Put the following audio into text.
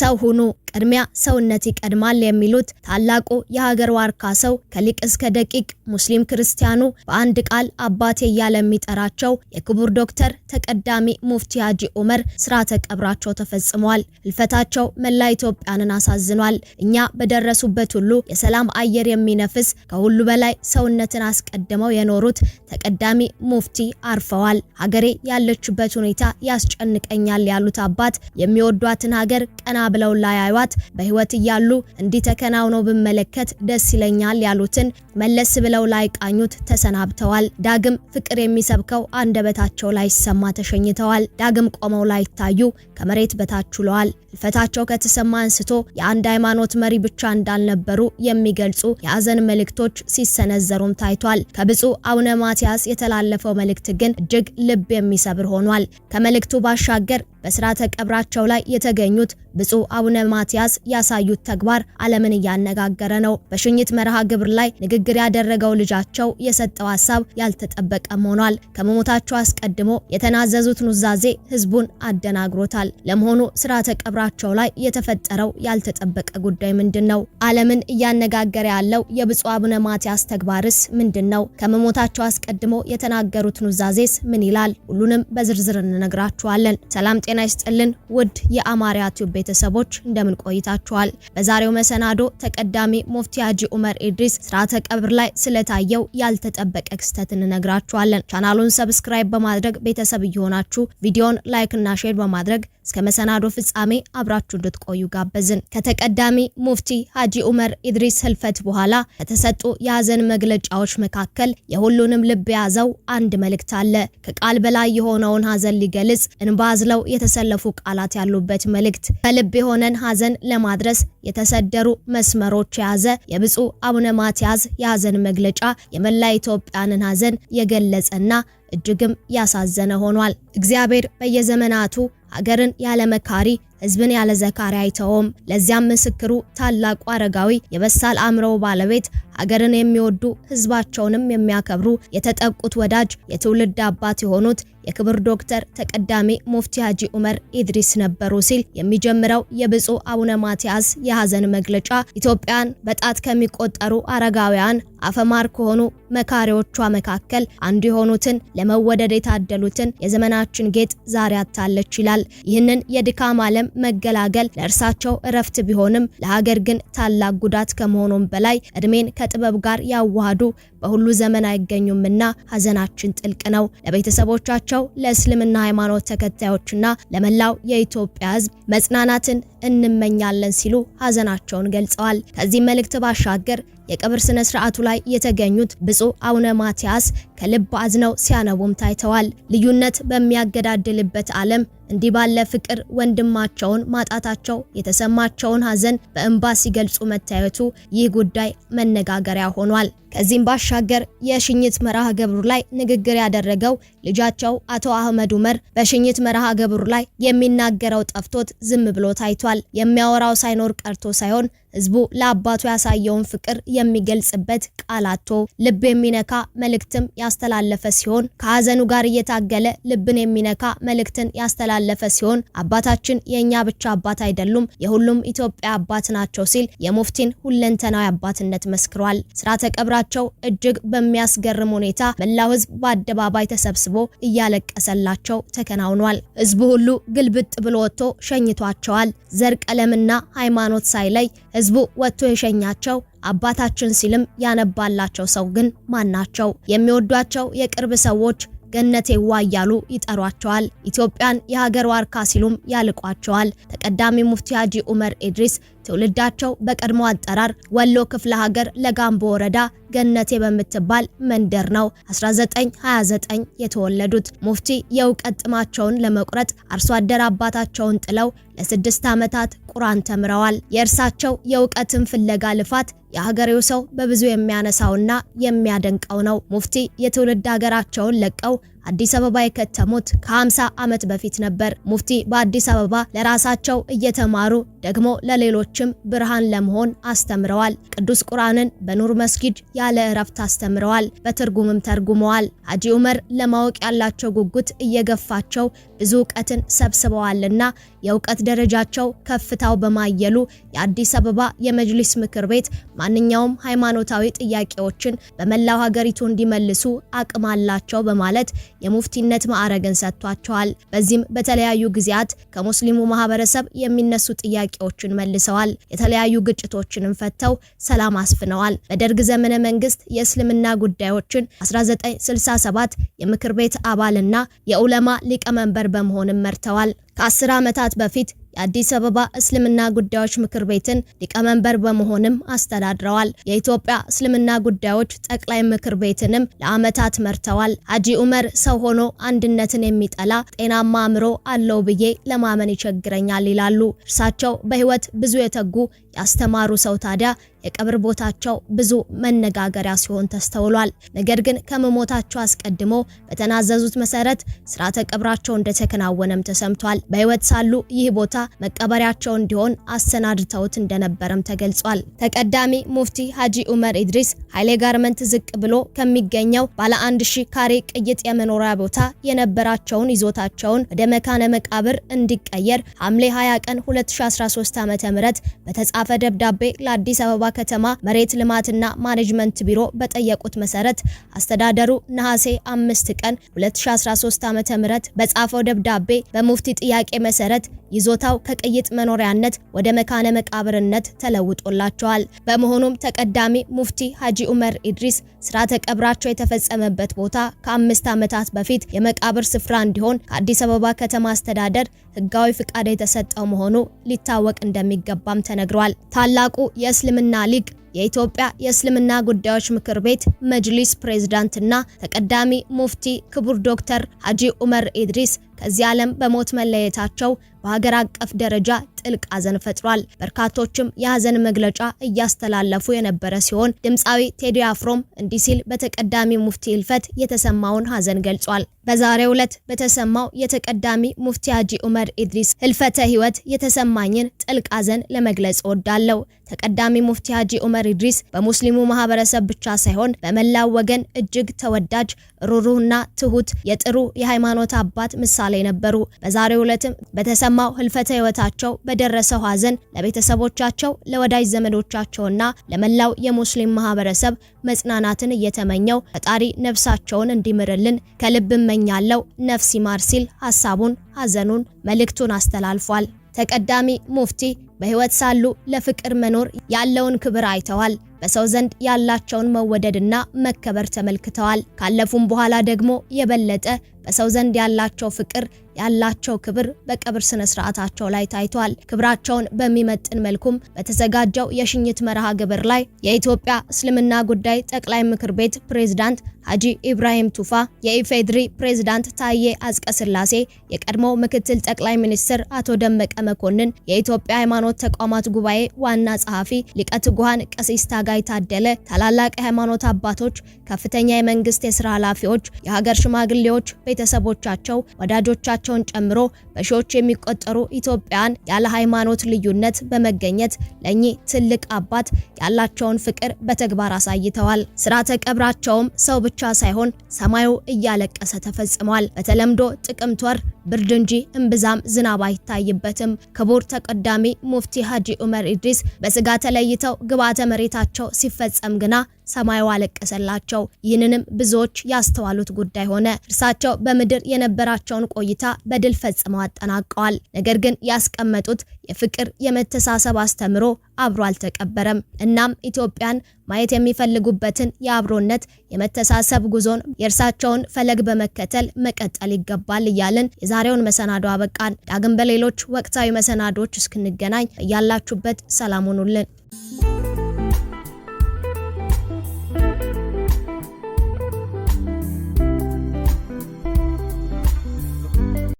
ሰው ሁኑ፣ ቅድሚያ ሰውነት ይቀድማል የሚሉት ታላቁ የሀገር ዋርካ ሰው ከሊቅ እስከ ደቂቅ ሙስሊም ክርስቲያኑ በአንድ ቃል አባቴ እያለ የሚጠራቸው የክቡር ዶክተር ተቀዳሚ ሙፍቲ ሀጂ ኡመር ስርዓተ ቀብራቸው ተፈጽሟል። ህልፈታቸው መላ ኢትዮጵያንን አሳዝኗል። እኛ በደረሱበት ሁሉ የሰላም አየር የሚነፍስ ከሁሉ በላይ ሰውነትን አስቀድመው የኖሩት ተቀዳሚ ሙፍቲ አርፈዋል። ሀገሬ ያለችበት ሁኔታ ያስጨንቀኛል ያሉት አባት የሚወዷትን ሀገር ቀና ብለው ላያዩዋት በህይወት እያሉ እንዲህ ተከናውነው ብመለከት ደስ ይለኛል ያሉትን መለስ ብለው ላይቃኙት ተሰናብተዋል። ዳግም ፍቅር የሚሰብከው አንደበታቸው ሲሰማ ተሸኝተዋል። ዳግም ቆመው ላይታዩ ከመሬት በታች ውለዋል። ህልፈታቸው ከተሰማ አንስቶ የአንድ ሃይማኖት መሪ ብቻ እንዳልነበሩ የሚገልጹ የአዘን መልእክቶች ሲሰነዘሩም ታይቷል። ከብፁዕ አቡነ ማትያስ የተላለፈው መልእክት ግን እጅግ ልብ የሚሰብር ሆኗል። ከመልእክቱ ባሻገር በስርዓተ ቀብራቸው ላይ የተገኙት ብፁዕ ብፁዕ አቡነ ማትያስ ያሳዩት ተግባር ዓለምን እያነጋገረ ነው። በሽኝት መርሃ ግብር ላይ ንግግር ያደረገው ልጃቸው የሰጠው ሀሳብ ያልተጠበቀም ሆኗል። ከመሞታቸው አስቀድሞ የተናዘዙት ኑዛዜ ህዝቡን አደናግሮታል። ለመሆኑ ስርዓተ ቀብራቸው ላይ የተፈጠረው ያልተጠበቀ ጉዳይ ምንድን ነው? ዓለምን እያነጋገረ ያለው የብፁዕ አቡነ ማትያስ ተግባርስ ምንድን ነው? ከመሞታቸው አስቀድሞ የተናገሩት ኑዛዜስ ምን ይላል? ሁሉንም በዝርዝር እንነግራችኋለን። ሰላም ጤና ይስጥልን ውድ የአማርያ ቲዩብ ቤተሰብ ቤተሰቦች እንደምን ቆይታችኋል? በዛሬው መሰናዶ ተቀዳሚ ሙፍቲ ሀጂ ኡመር ኢድሪስ ስርዓተ ቀብር ላይ ስለታየው ያልተጠበቀ ክስተት እንነግራችኋለን። ቻናሉን ሰብስክራይብ በማድረግ ቤተሰብ እየሆናችሁ ቪዲዮን ላይክ እና ሼር በማድረግ እስከ መሰናዶ ፍጻሜ አብራችሁ እንድትቆዩ ጋበዝን። ከተቀዳሚ ሙፍቲ ሀጂ ኡመር ኢድሪስ ህልፈት በኋላ ከተሰጡ የሀዘን መግለጫዎች መካከል የሁሉንም ልብ የያዘው አንድ መልእክት አለ። ከቃል በላይ የሆነውን ሀዘን ሊገልጽ እንባዝለው የተሰለፉ ቃላት ያሉበት መልእክት ልብ የሆነን ሐዘን ለማድረስ የተሰደሩ መስመሮች የያዘ የብፁዕ አቡነ ማትያስ የሐዘን መግለጫ የመላ ኢትዮጵያንን ሐዘን የገለጸና እጅግም ያሳዘነ ሆኗል። እግዚአብሔር በየዘመናቱ ሀገርን ያለ መካሪ ህዝብን ያለ ዘካሪ አይተውም። ለዚያም ምስክሩ ታላቁ አረጋዊ የበሳል አእምሮ ባለቤት ሀገርን የሚወዱ ህዝባቸውንም የሚያከብሩ የተጠቁት ወዳጅ የትውልድ አባት የሆኑት የክብር ዶክተር ተቀዳሚ ሙፍቲ ሀጂ ዑመር ኢድሪስ ነበሩ ሲል የሚጀምረው የብፁዕ አቡነ ማትያስ የሀዘን መግለጫ ኢትዮጵያን በጣት ከሚቆጠሩ አረጋውያን አፈማር ከሆኑ መካሪዎቿ መካከል አንዱ የሆኑትን ለመወደድ የታደሉትን የዘመናችን ጌጥ ዛሬ አታለች ይላል። ይህንን የድካም ዓለም መገላገል ለእርሳቸው እረፍት ቢሆንም ለሀገር ግን ታላቅ ጉዳት ከመሆኑም በላይ እድሜን ከጥበብ ጋር ያዋሃዱ በሁሉ ዘመን አይገኙምና ሀዘናችን ጥልቅ ነው። ለቤተሰቦቻቸው፣ ለእስልምና ሃይማኖት ተከታዮችና ለመላው የኢትዮጵያ ሕዝብ መጽናናትን እንመኛለን ሲሉ ሀዘናቸውን ገልጸዋል። ከዚህም መልእክት ባሻገር የቀብር ስነ ስርዓቱ ላይ የተገኙት ብፁዕ አቡነ ማትያስ ከልብ አዝነው ሲያነቡም ታይተዋል። ልዩነት በሚያገዳድልበት ዓለም እንዲህ ባለ ፍቅር ወንድማቸውን ማጣታቸው የተሰማቸውን ሐዘን በእንባ ሲገልጹ መታየቱ ይህ ጉዳይ መነጋገሪያ ሆኗል። ከዚህም ባሻገር የሽኝት መርሃ ግብሩ ላይ ንግግር ያደረገው ልጃቸው አቶ አህመድ ዑመር በሽኝት መርሃ ግብሩ ላይ የሚናገረው ጠፍቶት ዝም ብሎ ታይቷል። የሚያወራው ሳይኖር ቀርቶ ሳይሆን ህዝቡ ለአባቱ ያሳየውን ፍቅር የሚገልጽበት ቃላቶ ልብ የሚነካ መልእክትም ያስተላለፈ ሲሆን ከሀዘኑ ጋር እየታገለ ልብን የሚነካ መልእክትን ያስተላለፈ የተላለፈ ሲሆን አባታችን የእኛ ብቻ አባት አይደሉም፣ የሁሉም ኢትዮጵያ አባት ናቸው ሲል የሙፍቲን ሁለንተናዊ አባትነት መስክሯል። ስርዓተ ቀብራቸው እጅግ በሚያስገርም ሁኔታ መላው ህዝብ በአደባባይ ተሰብስቦ እያለቀሰላቸው ተከናውኗል። ህዝቡ ሁሉ ግልብጥ ብሎ ወጥቶ ሸኝቷቸዋል። ዘር ቀለምና ሃይማኖት ሳይለይ ህዝቡ ወጥቶ የሸኛቸው አባታችን ሲልም ያነባላቸው ሰው ግን ማን ናቸው? የሚወዷቸው የቅርብ ሰዎች ገነቴ ዋ እያሉ ይጠሯቸዋል። ኢትዮጵያን የሀገር ዋርካ ሲሉም ያልቋቸዋል። ተቀዳሚ ሙፍቲ ሀጂ ኡመር ኢድሪስ ትውልዳቸው በቀድሞ አጠራር ወሎ ክፍለ ሀገር ለጋምቦ ወረዳ ገነቴ በምትባል መንደር ነው 1929 የተወለዱት። ሙፍቲ የእውቀት ጥማቸውን ለመቁረጥ አርሶ አደር አባታቸውን ጥለው ለስድስት ዓመታት ቁርአን ተምረዋል። የእርሳቸው የእውቀትን ፍለጋ ልፋት የሀገሬው ሰው በብዙ የሚያነሳውና የሚያደንቀው ነው። ሙፍቲ የትውልድ ሀገራቸውን ለቀው አዲስ አበባ የከተሙት ከ50 ዓመት በፊት ነበር። ሙፍቲ በአዲስ አበባ ለራሳቸው እየተማሩ ደግሞ ለሌሎችም ብርሃን ለመሆን አስተምረዋል። ቅዱስ ቁርአንን በኑር መስጊድ ያለ እረፍት አስተምረዋል፣ በትርጉምም ተርጉመዋል። ሀጂ ዑመር ለማወቅ ያላቸው ጉጉት እየገፋቸው ብዙ እውቀትን ሰብስበዋልና የእውቀት ደረጃቸው ከፍታው በማየሉ የአዲስ አበባ የመጅሊስ ምክር ቤት ማንኛውም ሃይማኖታዊ ጥያቄዎችን በመላው ሀገሪቱ እንዲመልሱ አቅም አላቸው በማለት የሙፍቲነት ማዕረግን ሰጥቷቸዋል። በዚህም በተለያዩ ጊዜያት ከሙስሊሙ ማህበረሰብ የሚነሱ ጥያቄዎችን መልሰዋል። የተለያዩ ግጭቶችንም ፈተው ሰላም አስፍነዋል። በደርግ ዘመነ መንግስት የእስልምና ጉዳዮችን 1967 የምክር ቤት አባልና የዑለማ ሊቀመንበር በመሆንም መርተዋል። ከአስር ዓመታት በፊት የአዲስ አበባ እስልምና ጉዳዮች ምክር ቤትን ሊቀመንበር በመሆንም አስተዳድረዋል። የኢትዮጵያ እስልምና ጉዳዮች ጠቅላይ ምክር ቤትንም ለዓመታት መርተዋል። ሀጂ ኡመር ሰው ሆኖ አንድነትን የሚጠላ ጤናማ አእምሮ አለው ብዬ ለማመን ይቸግረኛል ይላሉ። እርሳቸው በህይወት ብዙ የተጉ ያስተማሩ ሰው ታዲያ የቀብር ቦታቸው ብዙ መነጋገሪያ ሲሆን ተስተውሏል። ነገር ግን ከመሞታቸው አስቀድሞ በተናዘዙት መሰረት ስርዓተ ቀብራቸው እንደተከናወነም ተሰምቷል። በህይወት ሳሉ ይህ ቦታ መቀበሪያቸው እንዲሆን አሰናድተውት እንደነበረም ተገልጿል። ተቀዳሚ ሙፍቲ ሀጂ ኡመር ኢድሪስ ኃይሌ ጋርመንት ዝቅ ብሎ ከሚገኘው ባለ አንድ ሺህ ካሬ ቅይጥ የመኖሪያ ቦታ የነበራቸውን ይዞታቸውን ወደ መካነ መቃብር እንዲቀየር ሐምሌ 20 ቀን 2013 ዓ.ም በተጻፈ በተጻፈ ደብዳቤ ለአዲስ አበባ ከተማ መሬት ልማትና ማኔጅመንት ቢሮ በጠየቁት መሰረት አስተዳደሩ ነሐሴ አምስት ቀን 2013 ዓ.ም በጻፈው ደብዳቤ በሙፍቲ ጥያቄ መሰረት ይዞታው ከቅይጥ መኖሪያነት ወደ መካነ መቃብርነት ተለውጦላቸዋል። በመሆኑም ተቀዳሚ ሙፍቲ ሀጂ ዑመር ኢድሪስ ስርዓተ ቀብራቸው የተፈጸመበት ቦታ ከአምስት ዓመታት በፊት የመቃብር ስፍራ እንዲሆን ከአዲስ አበባ ከተማ አስተዳደር ህጋዊ ፍቃድ የተሰጠው መሆኑ ሊታወቅ እንደሚገባም ተነግሯል። ታላቁ የእስልምና ሊግ የኢትዮጵያ የእስልምና ጉዳዮች ምክር ቤት መጅሊስ ፕሬዝዳንትና ተቀዳሚ ሙፍቲ ክቡር ዶክተር ሐጂ ዑመር ኢድሪስ ከዚህ ዓለም በሞት መለየታቸው በሀገር አቀፍ ደረጃ ጥልቅ ሀዘን ፈጥሯል። በርካቶችም የሐዘን መግለጫ እያስተላለፉ የነበረ ሲሆን ድምፃዊ ቴዲ አፍሮም እንዲህ ሲል በተቀዳሚ ሙፍቲ ህልፈት የተሰማውን ሀዘን ገልጿል። በዛሬው ዕለት በተሰማው የተቀዳሚ ሙፍቲ ሀጂ ኡመር ኢድሪስ ህልፈተ ህይወት የተሰማኝን ጥልቅ ሀዘን ለመግለጽ እወዳለሁ። ተቀዳሚ ሙፍቲ ሀጂ ኡመር ኢድሪስ በሙስሊሙ ማህበረሰብ ብቻ ሳይሆን በመላው ወገን እጅግ ተወዳጅ፣ ሩሩህና ትሁት የጥሩ የሃይማኖት አባት ምሳሌ ነበሩ። በዛሬው ዕለትም በተሰማ በተሰማው ህልፈተ ህይወታቸው በደረሰው ሐዘን ለቤተሰቦቻቸው ለወዳጅ ዘመዶቻቸውና ለመላው የሙስሊም ማህበረሰብ መጽናናትን እየተመኘው ፈጣሪ ነፍሳቸውን እንዲምርልን ከልብ እመኛለው። ነፍስ ይማር ሲል ሐሳቡን፣ ሐዘኑን፣ መልእክቱን አስተላልፏል። ተቀዳሚ ሙፍቲ በህይወት ሳሉ ለፍቅር መኖር ያለውን ክብር አይተዋል። በሰው ዘንድ ያላቸውን መወደድና መከበር ተመልክተዋል። ካለፉም በኋላ ደግሞ የበለጠ በሰው ዘንድ ያላቸው ፍቅር ያላቸው ክብር በቀብር ስነ ስርዓታቸው ላይ ታይቷል። ክብራቸውን በሚመጥን መልኩም በተዘጋጀው የሽኝት መርሃ ግብር ላይ የኢትዮጵያ እስልምና ጉዳይ ጠቅላይ ምክር ቤት ፕሬዝዳንት ሀጂ ኢብራሂም ቱፋ፣ የኢፌድሪ ፕሬዝዳንት ታዬ አጽቀስላሴ፣ የቀድሞው ምክትል ጠቅላይ ሚኒስትር አቶ ደመቀ መኮንን፣ የኢትዮጵያ ሃይማኖት ተቋማት ጉባኤ ዋና ጸሐፊ ሊቀ ትጉሃን ቀሲስ ታጋይ ታደለ፣ ታላላቅ የሃይማኖት አባቶች፣ ከፍተኛ የመንግስት የስራ ኃላፊዎች፣ የሀገር ሽማግሌዎች ቤተሰቦቻቸው፣ ወዳጆቻቸውን ጨምሮ በሺዎች የሚቆጠሩ ኢትዮጵያን ያለ ሃይማኖት ልዩነት በመገኘት ለእኚህ ትልቅ አባት ያላቸውን ፍቅር በተግባር አሳይተዋል። ስርዓተ ቀብራቸውም ሰው ብቻ ሳይሆን ሰማዩ እያለቀሰ ተፈጽሟል። በተለምዶ ጥቅምት ወር ብርድ እንጂ እምብዛም ዝናብ አይታይበትም። ክቡር ተቀዳሚ ሙፍቲ ሀጂ ዑመር ኢድሪስ በስጋ ተለይተው ግብዓተ መሬታቸው ሲፈጸም ግና ሰማዩ አለቀሰላቸው። ይህንንም ብዙዎች ያስተዋሉት ጉዳይ ሆነ። እርሳቸው በምድር የነበራቸውን ቆይታ በድል ፈጽመው አጠናቀዋል። ነገር ግን ያስቀመጡት የፍቅር የመተሳሰብ አስተምሮ አብሮ አልተቀበረም። እናም ኢትዮጵያን ማየት የሚፈልጉበትን የአብሮነት የመተሳሰብ ጉዞን የእርሳቸውን ፈለግ በመከተል መቀጠል ይገባል እያልን የዛሬውን መሰናዶ አበቃን። ዳግም በሌሎች ወቅታዊ መሰናዶዎች እስክንገናኝ እያላችሁበት ሰላም ሁኑልን።